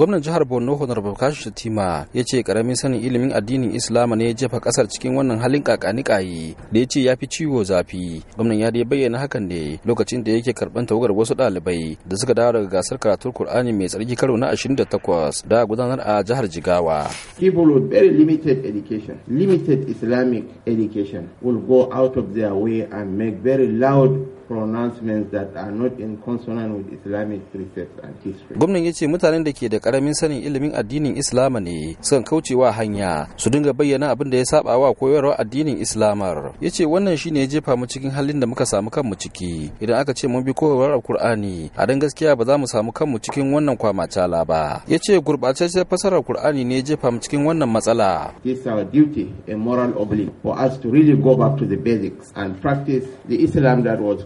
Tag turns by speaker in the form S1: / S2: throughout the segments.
S1: gwamnan jihar borno honorable kashi shatima ya ce karamin sanin ilimin addinin islama ne ya jefa kasar cikin wannan halin kakani kayi da ya ce ya fi ciwo zafi gwamnan ya dai bayyana hakan ne lokacin da yake karban tawagar wasu ɗalibai da suka dawo daga gasar karatun kur'ani mai tsarki karo na 28 da gudanar a jihar jigawa
S2: people with very limited education limited islamic education will go out of their way and make very loud pronouncements that are not in with Islamic precepts and
S1: Gwamnan ya ce mutanen da ke da karamin sanin ilimin addinin Islama ne sukan kaucewa hanya su dinga bayyana abin da ya saba wa koyarwa addinin Islamar. Ya ce wannan shi ne ya jefa mu cikin halin da muka samu kanmu ciki idan aka ce mun bi koyarwar Alkur'ani a dan gaskiya ba za mu samu kanmu cikin wannan kwamacala ba. Ya ce gurɓataccen fasarar Kur'ani ne ya jefa mu cikin wannan matsala.
S2: is our duty, a moral obligation for us to really go back to basics and practice the Islam that was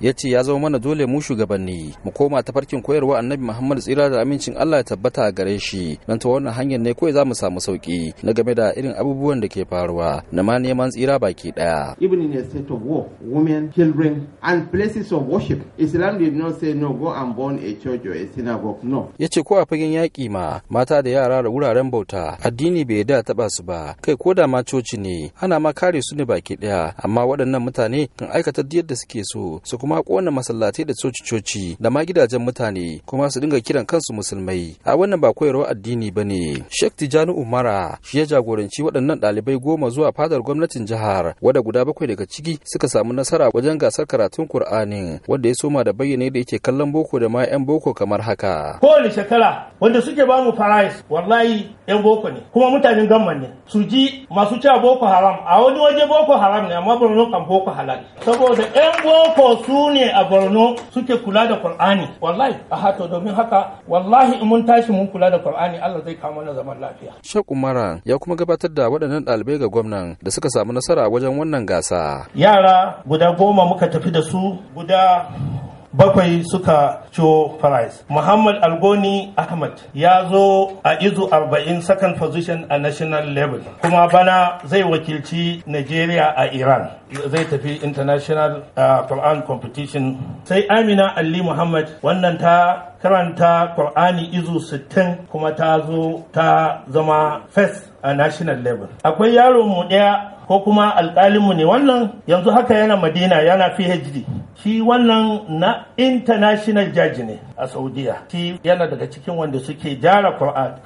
S1: Ya ce ya zama mana dole mu shugabanni mu koma ta farkin koyarwa Annabi Muhammad tsira da amincin Allah ya tabbata a gare shi don ta wannan hanyar ne kawai za mu samu sauki na game da irin abubuwan da ke faruwa na ma neman tsira baki daya.
S2: Even in a state of war, women, children and places of worship, Islam did not say no go a church a synagogue. No.
S1: Ya ce ko a fagen yaƙi ma mata da yara da wuraren bauta addini bai da taɓa su ba kai ko da ma coci ne ana ma kare su ne baki ɗaya lafiya amma waɗannan mutane kan aikata duk yadda suke so su kuma kona masallatai da coci-coci da ma gidajen mutane kuma su dinga kiran kansu musulmai a wannan ba koyarwar addini ba ne shek tijani umara shi ya jagoranci waɗannan ɗalibai goma zuwa fadar gwamnatin jihar wadda guda bakwai daga ciki suka samu nasara wajen gasar karatun kur'anin wanda ya soma da bayyana da yake kallon boko da ma 'yan boko kamar haka
S3: kowane shekara wanda suke ba mu farais wallahi 'yan boko ne kuma mutanen gamman ne su ji masu cewa boko haram a wani waje boko haram haram ne amma borno kan boko halal saboda yan boko su ne a borno suke kula da qur'ani wallahi a hato domin haka wallahi in mun tashi mun kula da qur'ani Allah zai kawo mana zaman lafiya
S1: Sheikh Umara ya kuma gabatar da waɗannan ɗalibai ga gwamnan da suka samu nasara wajen wannan gasa
S3: yara guda goma muka tafi da su guda bakwai suka ciwo prize muhammad algoni ahmad ya zo a izu 40 second position a national level kuma bana zai wakilci Najeriya a iran zai tafi international uh, quran competition sai amina ali muhammad wannan ta karanta Qur'ani izu 60 kuma ta zo ta zama first a national level. Akwai yaron mu ɗaya ko kuma alƙalinmu ne wannan yanzu haka yana Madina yana PhD. shi wannan na international judge ne a saudiya shi yana daga cikin wanda suke jara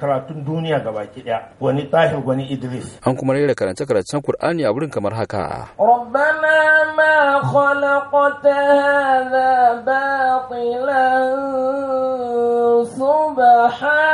S3: karatun duniya gaba ɗaya
S1: wani tahir wani idris an kuma rera karance karancen Kur'ani a wurin kamar haka
S3: rabbana ma khalaqta hadha batilan subhana